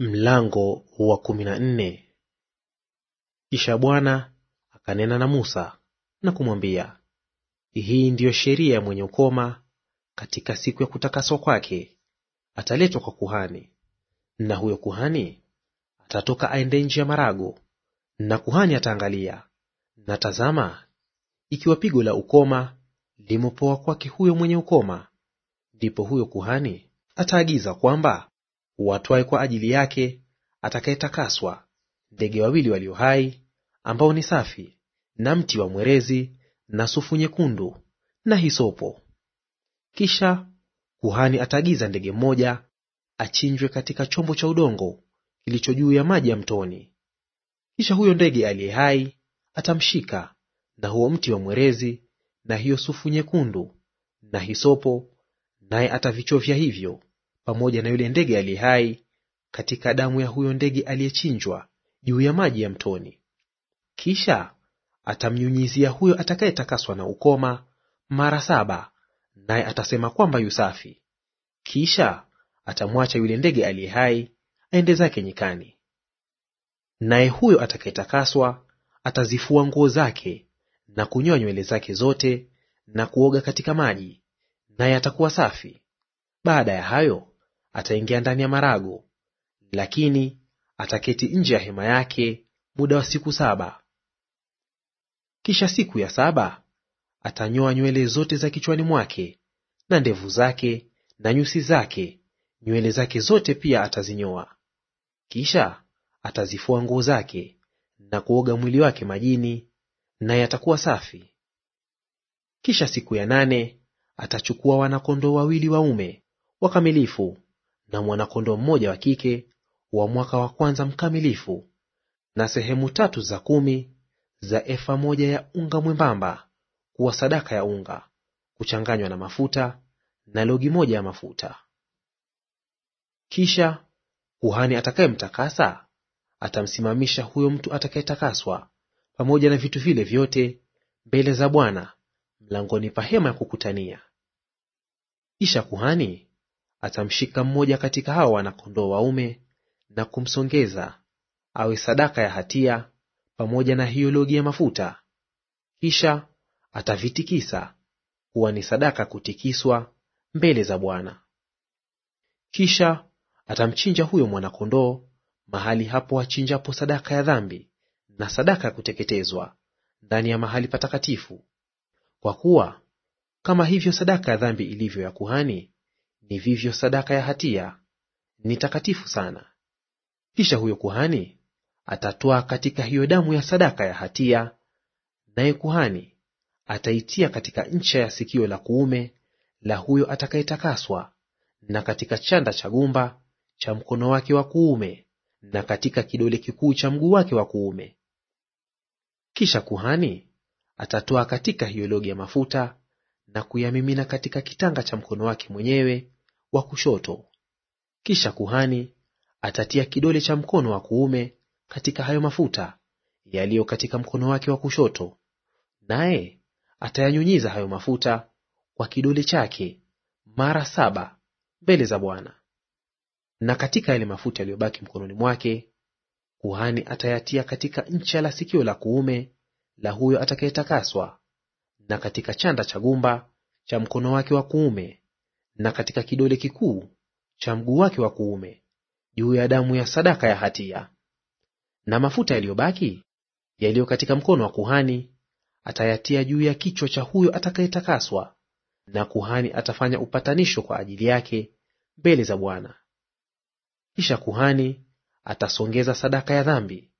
Mlango wa kumi na nne. Kisha Bwana akanena na Musa na kumwambia, hii ndiyo sheria ya mwenye ukoma; katika siku ya kutakaswa kwake ataletwa kwa kuhani, na huyo kuhani atatoka aende nje ya marago, na kuhani ataangalia, na tazama, ikiwa pigo la ukoma limopoa kwake huyo mwenye ukoma, ndipo huyo kuhani ataagiza kwamba uwatwae kwa ajili yake atakayetakaswa, ndege wawili walio hai ambao ni safi, na mti wa mwerezi, na sufu nyekundu, na hisopo. Kisha kuhani ataagiza ndege mmoja achinjwe katika chombo cha udongo kilicho juu ya maji ya mtoni. Kisha huyo ndege aliye hai atamshika, na huo mti wa mwerezi, na hiyo sufu nyekundu, na hisopo, naye atavichovya hivyo pamoja na yule ndege aliye hai katika damu ya huyo ndege aliyechinjwa juu ya maji ya mtoni. Kisha atamnyunyizia huyo atakayetakaswa na ukoma mara saba, naye atasema kwamba yusafi. Kisha atamwacha yule ndege aliye hai aende zake nyikani. Naye huyo atakayetakaswa atazifua nguo zake na kunyoa nywele zake zote na kuoga katika maji, naye atakuwa safi. Baada ya hayo ataingia ndani ya marago, lakini ataketi nje ya hema yake muda wa siku saba. Kisha siku ya saba atanyoa nywele zote za kichwani mwake na ndevu zake na nyusi zake, nywele zake zote pia atazinyoa. Kisha atazifua nguo zake na kuoga mwili wake majini, naye atakuwa safi. Kisha siku ya nane atachukua wanakondoo wawili waume wakamilifu na mwanakondo mmoja wa kike wa mwaka wa kwanza mkamilifu, na sehemu tatu za kumi za efa moja ya unga mwembamba kuwa sadaka ya unga kuchanganywa na mafuta, na logi moja ya mafuta. Kisha kuhani atakayemtakasa atamsimamisha huyo mtu atakayetakaswa pamoja na vitu vile vyote mbele za Bwana mlangoni pa hema ya kukutania. Kisha kuhani atamshika mmoja katika hao wanakondoo waume na kumsongeza awe sadaka ya hatia pamoja na hiyo logi ya mafuta, kisha atavitikisa kuwa ni sadaka kutikiswa mbele za Bwana. Kisha atamchinja huyo mwanakondoo mahali hapo achinjapo sadaka ya dhambi na sadaka ya kuteketezwa ndani ya mahali patakatifu, kwa kuwa kama hivyo sadaka ya dhambi ilivyo ya kuhani, ni vivyo sadaka ya hatia, ni takatifu sana. Kisha huyo kuhani atatwaa katika hiyo damu ya sadaka ya hatia, naye kuhani ataitia katika ncha ya sikio la kuume la huyo atakayetakaswa, na katika chanda cha gumba cha mkono wake wa kuume, na katika kidole kikuu cha mguu wake wa kuume. Kisha kuhani atatoa katika hiyo logi ya mafuta na kuyamimina katika kitanga cha mkono wake mwenyewe wa kushoto. Kisha kuhani atatia kidole cha mkono wa kuume katika hayo mafuta yaliyo katika mkono wake wa kushoto, naye atayanyunyiza hayo mafuta kwa kidole chake mara saba mbele za Bwana. Na katika yale mafuta yaliyobaki mkononi mwake kuhani atayatia katika ncha la sikio la kuume la huyo atakayetakaswa, na katika chanda cha gumba cha mkono wake wa kuume, na katika kidole kikuu cha mguu wake wa kuume juu ya damu ya sadaka ya hatia. Na mafuta yaliyobaki yaliyo katika mkono wa kuhani atayatia juu ya kichwa cha huyo atakayetakaswa, na kuhani atafanya upatanisho kwa ajili yake mbele za Bwana. Kisha kuhani atasongeza sadaka ya dhambi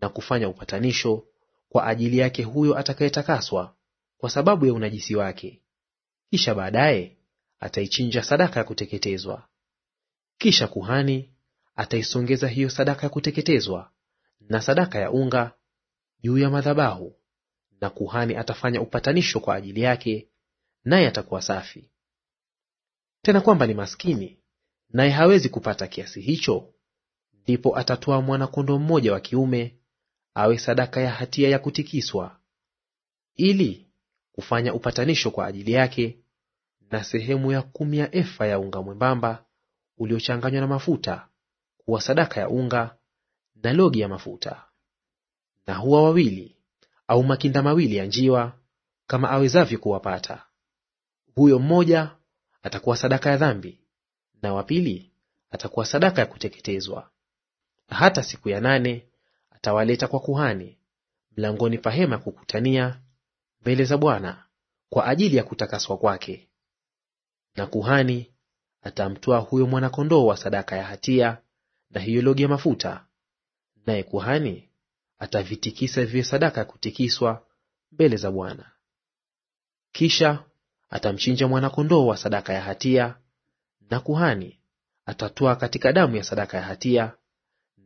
na kufanya upatanisho kwa ajili yake huyo atakayetakaswa kwa sababu ya unajisi wake. Kisha baadaye ataichinja sadaka ya kuteketezwa. Kisha kuhani ataisongeza hiyo sadaka ya kuteketezwa na sadaka ya unga juu ya madhabahu, na kuhani atafanya upatanisho kwa ajili yake, naye atakuwa safi. Tena kwamba ni maskini naye hawezi kupata kiasi hicho, ndipo atatoa mwana mmoja wa kiume awe sadaka ya hatia ya kutikiswa, ili kufanya upatanisho kwa ajili yake na sehemu ya kumi ya efa ya unga mwembamba uliochanganywa na mafuta kuwa sadaka ya unga na logi ya mafuta, na hua wawili au makinda mawili ya njiwa kama awezavyo kuwapata. Huyo mmoja atakuwa sadaka ya dhambi, na wapili atakuwa sadaka ya kuteketezwa. Hata siku ya nane atawaleta kwa kuhani mlangoni pa hema ya kukutania mbele za Bwana kwa ajili ya kutakaswa kwake na kuhani atamtoa huyo mwana-kondoo wa sadaka ya hatia na hiyo logi ya mafuta, naye kuhani atavitikisa viwe sadaka ya kutikiswa mbele za Bwana. Kisha atamchinja mwana-kondoo wa sadaka ya hatia, na kuhani atatoa katika damu ya sadaka ya hatia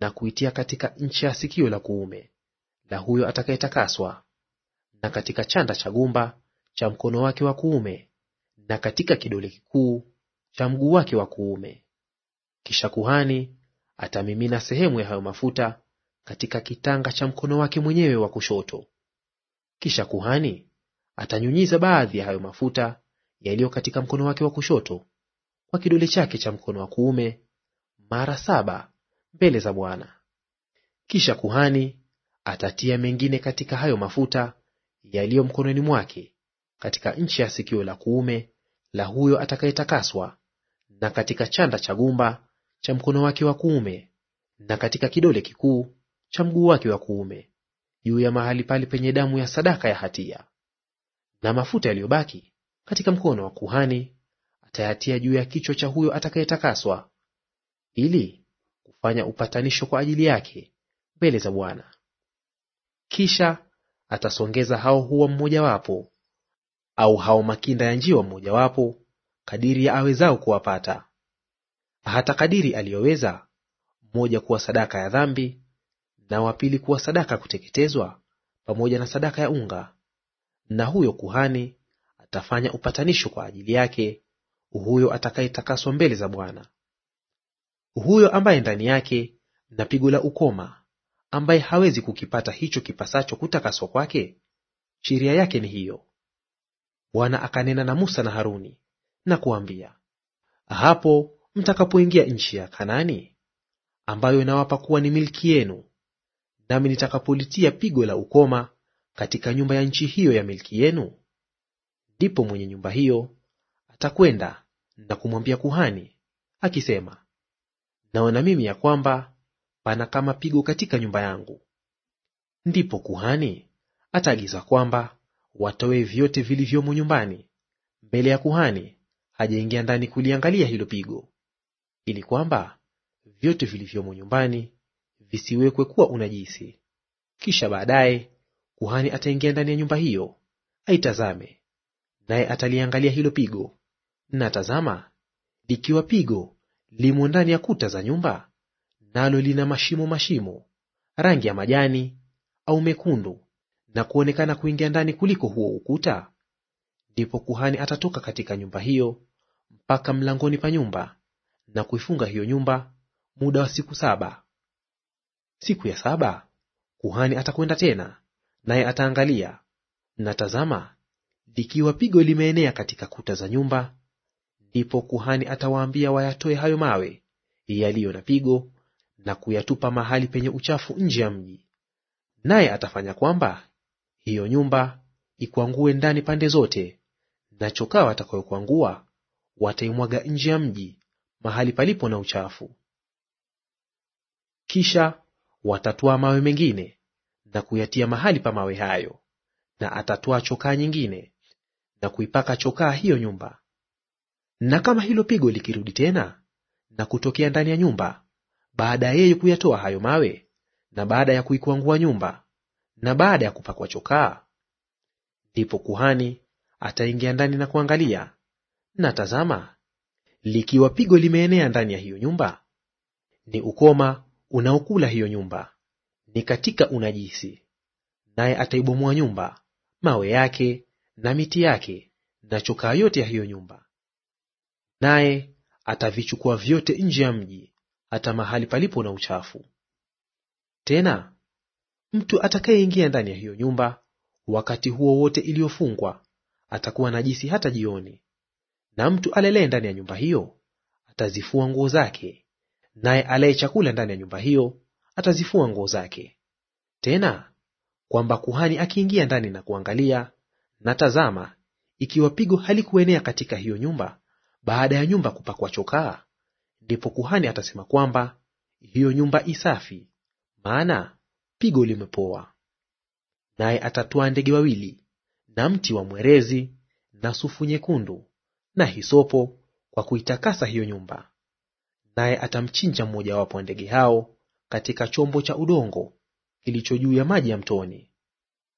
na kuitia katika ncha ya sikio la kuume la huyo atakayetakaswa, na katika chanda cha gumba cha mkono wake wa kuume na katika kidole kikuu cha mguu wake wa kuume. Kisha kuhani atamimina sehemu ya hayo mafuta katika kitanga cha mkono wake mwenyewe wa kushoto. Kisha kuhani atanyunyiza baadhi ya hayo mafuta yaliyo katika mkono wake wa kushoto kwa kidole chake cha mkono wa kuume mara saba mbele za Bwana. Kisha kuhani atatia mengine katika hayo mafuta yaliyo mkononi mwake katika nchi ya sikio la kuume la huyo atakayetakaswa, na katika chanda cha gumba cha mkono wake wa kuume, na katika kidole kikuu cha mguu wake wa kuume, juu ya mahali pale penye damu ya sadaka ya hatia. Na mafuta yaliyobaki katika mkono wa kuhani atayatia juu ya kichwa cha huyo atakayetakaswa, ili kufanya upatanisho kwa ajili yake mbele za Bwana. Kisha atasongeza hao huwa mmojawapo au hao makinda ya njiwa mmojawapo kadiri ya awezao kuwapata, hata kadiri aliyoweza mmoja kuwa sadaka ya dhambi na wapili kuwa sadaka ya kuteketezwa pamoja na sadaka ya unga, na huyo kuhani atafanya upatanisho kwa ajili yake, huyo atakayetakaswa mbele za Bwana, huyo ambaye ndani yake na pigo la ukoma, ambaye hawezi kukipata hicho kipasacho kutakaswa kwake. Sheria yake ni hiyo. Bwana akanena na Musa na Haruni na kuambia, hapo mtakapoingia nchi ya kanani ambayo inawapa kuwa ni milki yenu, nami nitakapolitia pigo la ukoma katika nyumba ya nchi hiyo ya milki yenu, ndipo mwenye nyumba hiyo atakwenda na kumwambia kuhani akisema, naona mimi ya kwamba pana kama pigo katika nyumba yangu. Ndipo kuhani ataagiza kwamba watoe vyote vilivyomo nyumbani mbele ya kuhani hajaingia ndani kuliangalia hilo pigo, ili kwamba vyote vilivyomo nyumbani visiwekwe kuwa unajisi. Kisha baadaye kuhani ataingia ndani ya nyumba hiyo aitazame, naye ataliangalia hilo pigo. Na tazama, likiwa pigo limo ndani ya kuta za nyumba, nalo lina mashimo mashimo, rangi ya majani au mekundu na kuonekana kuingia ndani kuliko huo ukuta, ndipo kuhani atatoka katika nyumba hiyo mpaka mlangoni pa nyumba na kuifunga hiyo nyumba muda wa siku saba. Siku ya saba kuhani atakwenda tena, naye ataangalia, na tazama, likiwa pigo limeenea katika kuta za nyumba, ndipo kuhani atawaambia wayatoe hayo mawe yaliyo na pigo na kuyatupa mahali penye uchafu nje ya mji, naye atafanya kwamba hiyo nyumba ikuangue ndani pande zote, na chokaa watakayokuangua wataimwaga nje ya mji, mahali palipo na uchafu. Kisha watatoa mawe mengine na kuyatia mahali pa mawe hayo, na atatoa chokaa nyingine na kuipaka chokaa hiyo nyumba. Na kama hilo pigo likirudi tena na kutokea ndani ya nyumba, baada ya yeye kuyatoa hayo mawe na baada ya kuikwangua nyumba, na baada ya kupakwa chokaa, ndipo kuhani ataingia ndani na kuangalia, na tazama, likiwa pigo limeenea ndani ya hiyo nyumba, ni ukoma unaokula hiyo nyumba, ni katika unajisi. Naye ataibomoa nyumba, mawe yake na miti yake na chokaa yote ya hiyo nyumba, naye atavichukua vyote nje ya mji, hata mahali palipo na uchafu. Tena Mtu atakayeingia ndani ya hiyo nyumba wakati huo wote iliyofungwa atakuwa najisi hata jioni. Na mtu alelee ndani ya nyumba hiyo atazifua nguo zake, naye alaye chakula ndani ya nyumba hiyo atazifua nguo zake. Tena kwamba kuhani akiingia ndani na kuangalia, na tazama, ikiwa pigo halikuenea katika hiyo nyumba baada ya nyumba kupakwa chokaa, ndipo kuhani atasema kwamba hiyo nyumba isafi, maana pigo limepoa. Naye atatwaa ndege wawili na mti wa mwerezi na sufu nyekundu na hisopo kwa kuitakasa hiyo nyumba. Naye atamchinja mmojawapo wa ndege hao katika chombo cha udongo kilicho juu ya maji ya mtoni.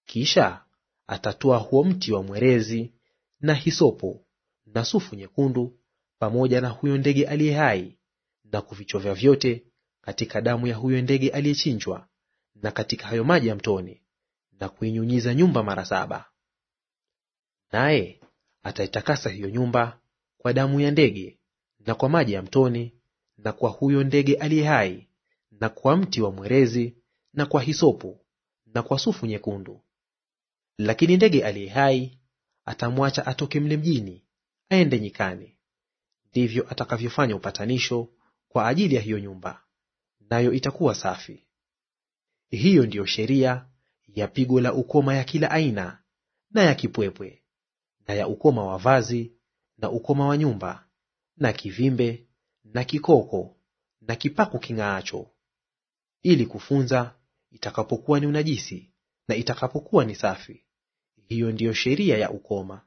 Kisha atatoa huo mti wa mwerezi na hisopo na sufu nyekundu pamoja na huyo ndege aliye hai na kuvichovya vyote katika damu ya huyo ndege aliyechinjwa na katika hayo maji ya mtoni, na kuinyunyiza nyumba mara saba. Naye ataitakasa hiyo nyumba kwa damu ya ndege na kwa maji ya mtoni na kwa huyo ndege aliye hai na kwa mti wa mwerezi na kwa hisopu na kwa sufu nyekundu. Lakini ndege aliye hai atamwacha atoke mle mjini aende nyikani. Ndivyo atakavyofanya upatanisho kwa ajili ya hiyo nyumba, nayo itakuwa safi. Hiyo ndiyo sheria ya pigo la ukoma ya kila aina na ya kipwepwe na ya ukoma wa vazi na ukoma wa nyumba na kivimbe na kikoko na kipaku king'aacho, ili kufunza itakapokuwa ni unajisi na itakapokuwa ni safi. Hiyo ndiyo sheria ya ukoma.